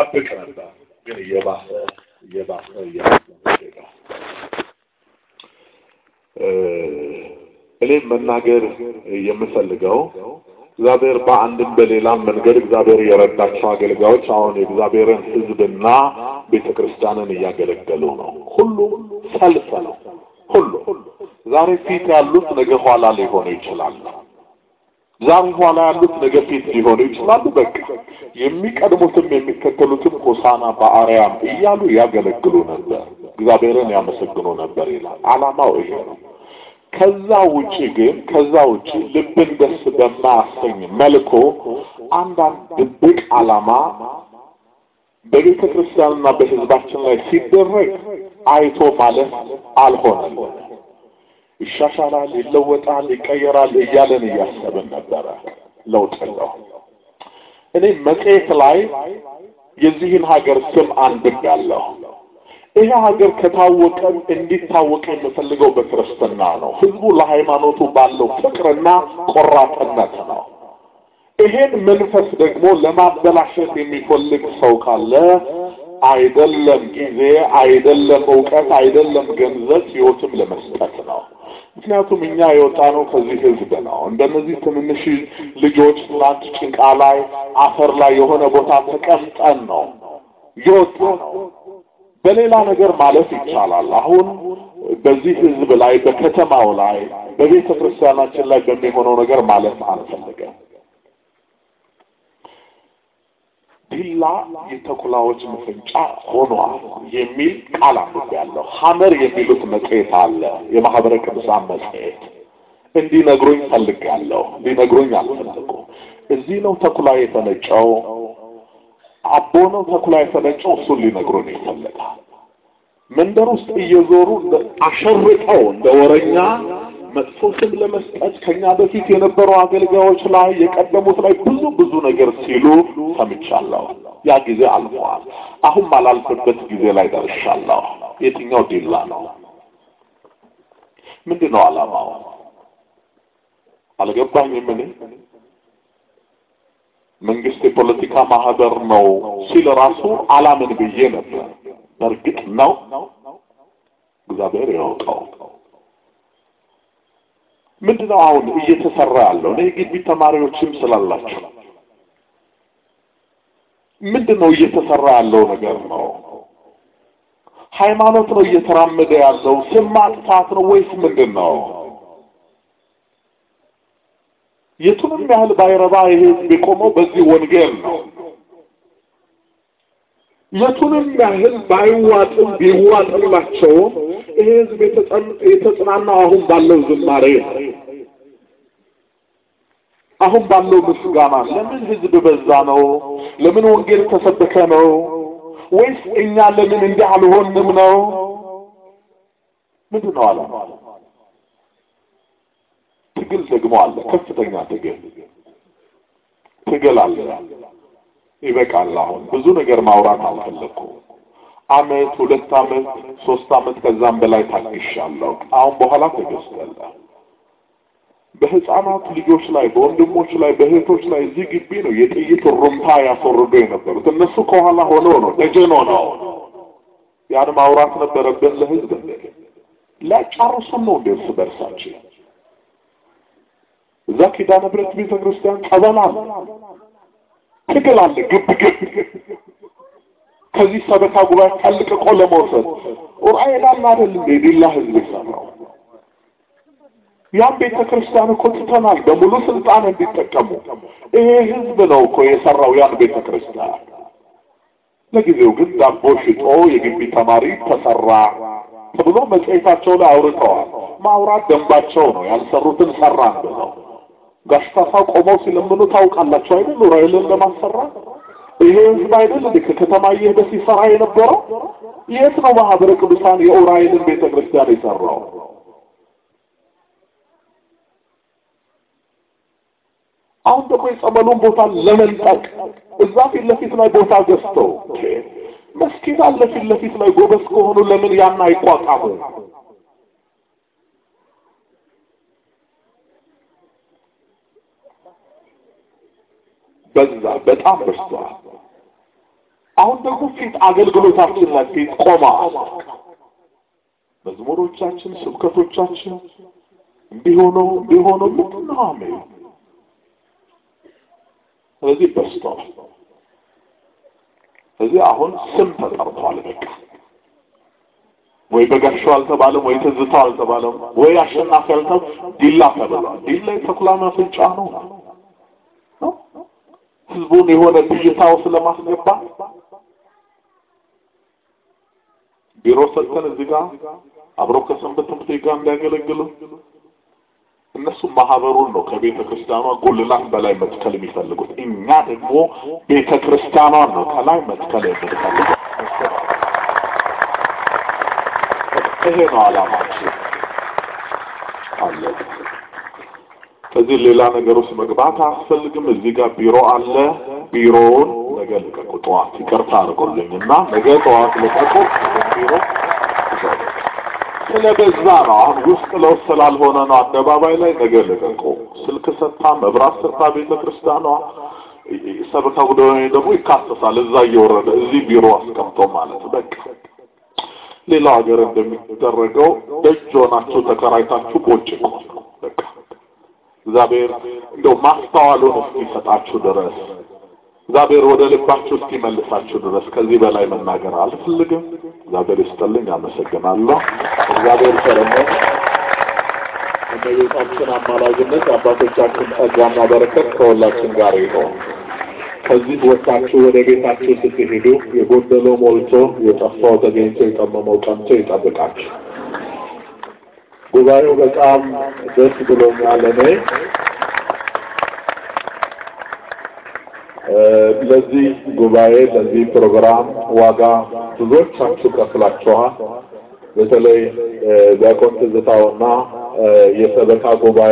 ጠብቅ ነበር፣ ግን እየባሰ እየባሰ እየባሰ እኔም መናገር የምፈልገው እግዚአብሔር በአንድም በሌላም መንገድ እግዚአብሔር የረዳቸው አገልጋዮች አሁን የእግዚአብሔርን ህዝብና ቤተ ክርስቲያንን እያገለገሉ ነው። ሁሉም ሰልፍ ነው። ሁሉ ዛሬ ፊት ያሉት ነገ ኋላ ሊሆኑ ይችላሉ። ዛሬ ኋላ ያሉት ነገ ፊት ሊሆኑ ይችላሉ። በቃ የሚቀድሙትም የሚከተሉትም ሆሳና በአርያም እያሉ ያገለግሉ ነበር፣ እግዚአብሔርን ያመሰግኑ ነበር ይላል። አላማው ይሄ ነው። ከዛ ውጪ ግን ከዛ ውጪ ልብን ደስ በማያሰኝ መልኩ አንዳንድ ድብቅ አላማ በቤተ ክርስቲያንና በሕዝባችን ላይ ሲደረግ አይቶ ማለት አልሆነም። ይሻሻላል፣ ይለወጣል፣ ይቀየራል እያለን እያሰብን ነበረ ለውጥ ነው እኔ መጽሔት ላይ የዚህን ሀገር ስም አንብቤያለሁ። ይሄ ሀገር ከታወቀ እንዲታወቅ የምፈልገው በክርስትና ነው። ህዝቡ ለሃይማኖቱ ባለው ፍቅርና ቆራጥነት ነው። ይሄን መንፈስ ደግሞ ለማበላሸት የሚፈልግ ሰው ካለ አይደለም ጊዜ፣ አይደለም እውቀት፣ አይደለም ገንዘብ ህይወትም ለመስጠት ነው። ምክንያቱም እኛ የወጣ ነው ከዚህ ህዝብ ነው። እንደነዚህ ትንንሽ ልጆች ትናንት ጭቃ ላይ አፈር ላይ የሆነ ቦታ ተቀምጠን ነው የወጣ ነው። በሌላ ነገር ማለት ይቻላል አሁን በዚህ ህዝብ ላይ በከተማው ላይ በቤተ ክርስቲያናችን ላይ በሚሆነው ነገር ማለት አንፈልገም። ቢላ የተኩላዎች መፈንጫ ሆኗል የሚል ቃል አንብቤያለሁ። ሐመር የሚሉት መጽሔት አለ፣ የማህበረ ቅዱሳን መጽሔት እንዲነግሮኝ ፈልጋለሁ። እንዲነግሮኝ አልፈለጉ። እዚህ ነው ተኩላ የተነጨው፣ አቦ ነው ተኩላ የተነጨው። እሱን ሊነግሮኝ ይፈልጋል። መንደር ውስጥ እየዞሩ አሸርቀው እንደ ወረኛ መጥፎ ስም ለመስጠት ከኛ በፊት የነበሩ አገልጋዮች ላይ የቀደሙት ላይ ብዙ ብዙ ነገር ሲሉ ሰምቻለሁ። ያ ጊዜ አልፈዋል። አሁን ባላልፍበት ጊዜ ላይ ደርሻለሁ። የትኛው ዲላ ነው? ምንድን ነው አላማው? አልገባኝ ምን መንግስት የፖለቲካ ማህበር ነው ሲል ራሱ አላምን ብዬ ነበር። በእርግጥ ነው እግዚአብሔር ያውቀው። ምንድነው አሁን እየተሰራ ያለው? እኔ ግቢ ተማሪዎችም ስላላቸው ነው እየተሰራ ያለው ነገር ነው? ሃይማኖት ነው እየተራመደ ያለው? ስም ማጥፋት ነው ወይስ ምንድን ነው? የቱንም ያህል ባይረባ ይሄ የቆመው በዚህ ወንጌል ነው። የቱንም ያህል ባይዋጥም ቢዋጥላቸውም ይሄ ህዝብ የተጽናናው አሁን ባለው ዝማሬ አሁን ባለው ምስጋና ለምን ህዝብ በዛ ነው? ለምን ወንጌል ተሰበከ ነው? ወይስ እኛ ለምን እንዲህ አልሆንም ነው? ምንድን ነው አለ ትግል ደግሞ አለ። ከፍተኛ ትግል ትግል አለ። ይበቃል። አሁን ብዙ ነገር ማውራት አልፈለኩም። አመት፣ ሁለት አመት፣ ሶስት አመት ከዛም በላይ ታግሻለሁ። አሁን በኋላ ተገዝተለ በህፃናት ልጆች ላይ በወንድሞች ላይ በእህቶች ላይ እዚህ ግቢ ነው የጥይት ሩምታ ያስወርዱ የነበሩት። እነሱ ከኋላ ሆነው ነው ደጀኖ ነው ያን ማውራት ነበረብን ለህዝብ ላጨርሱን ነው እንደ እርስ እዛ ኪዳነ ምሕረት ቤተ ክርስቲያን ጸበል ትግል አለ፣ ግብ ግብ ከዚህ ሰበካ ጉባኤ ጠልቅቆ ለመውሰድ ቁርአን ዳና አይደል እንዴ ዲላ ህዝብ ይሰራው ያም ቤተ ክርስቲያን እኮ ትተናል፣ በሙሉ ስልጣን እንዲጠቀሙ ይሄ ህዝብ ነው እኮ የሰራው ያን ቤተ ክርስቲያን። ለጊዜው ግን ዳቦ ሽጦ የግቢ ተማሪ ተሰራ ተብሎ መጽሔታቸው ላይ አውርተዋል። ማውራት ደንባቸው ነው። ያልሰሩትን ሰራን ብለው ጋሽፋፋ ቆመው ሲለምኑ ታውቃላችሁ አይደል? ዑራኤልን ለማሰራ ይሄ ህዝብ አይደል እንዴ ከከተማ እየሄደ ሲሰራ የነበረው? የት ነው ማህበረ ቅዱሳን ቤተ ቤተክርስቲያን የሰራው? አሁን ደግሞ የጸበሉን ቦታ ለመንጠቅ እዛ ፊት ለፊት ላይ ቦታ ገዝተው መስጊድ አለ ፊት ለፊት ላይ ጎበዝ ከሆኑ ለምን ያን አይቋቋሙ? በዛ በጣም በዝቷል። አሁን ደግሞ ፊት አገልግሎታችን ላይ ፊት ቆማ መዝሙሮቻችን፣ ስብከቶቻችን እንዲሆኑ እንዲሆኑ ምናም ስለዚህ በዝቷል። ስለዚህ አሁን ስም ተጠርቷል። በቃ ወይ በጋሻው አልተባለም፣ ወይ ትዝታው አልተባለም፣ ወይ አሸናፊ አልተባለም። ዲላ ተብሏል። ዲላ የተኩላ መፍጫ ነው። ህዝቡን የሆነ ብዥታ ውስጥ ለማስገባት ቢሮ ሰጥተን እዚህ ጋር አብረው ከሰንበት ትምህርት ጋር እንዲያገለግሉ እነሱ ማህበሩን ነው ከቤተ ክርስቲያኗ ጉልላት በላይ መትከል የሚፈልጉት። እኛ ደግሞ ቤተ ክርስቲያኗን ነው ከላይ መትከል የምንፈልጉት። ይሄ ነው አላማችን አለ እዚህ ሌላ ነገር ውስጥ መግባት አያስፈልግም። እዚህ ጋር ቢሮ አለ። ቢሮውን ነገ ልቀቁ፣ ጠዋት ይቅርታ አድርጎልኝ እና ነገ ጠዋት ልቀቁ ቢሮ ስለበዛ ነው። አሁን ውስጥ ለውስጥ ስላልሆነ ነው። አደባባይ ላይ ነገ ልቀቁ፣ ስልክ ሰታ፣ መብራት ሰታ፣ ቤተ ክርስቲያኗ ሰበካ ጉዳይ ደግሞ ይካሰሳል። እዛ እየወረደ እዚህ ቢሮ አስቀምጦ ማለት በቃ ሌላው ሀገር እንደሚደረገው ደጅ ሆናችሁ ተከራይታችሁ ቦጭ ነው በቃ እግዚአብሔር እንደው ማስተዋሉን እስኪሰጣችሁ ድረስ እግዚአብሔር ወደ ልባችሁ እስኪመልሳችሁ ድረስ ከዚህ በላይ መናገር አልፈልግም። እግዚአብሔር ይስጥልኝ። አመሰግናለሁ። እግዚአብሔር ቸርነት፣ እመቤታችን አማላጅነት፣ አባቶቻችን ጸጋና በረከት ከሁላችን ጋር ይሆን። ከዚህ ወጣችሁ ወደ ቤታችሁ ስትሄዱ የጎደለው ሞልቶ የጠፋው ተገኝቶ የጠመመው ቀንቶ ይጠብቃችሁ። ጉባኤው በጣም ደስ ብሎኛል። እኔ ለዚህ ጉባኤ ለዚህ ፕሮግራም ዋጋ ብዙዎቻችሁ ከፍላችኋል። በተለይ ዲያቆን ትዝታውና የሰበካ ጉባኤ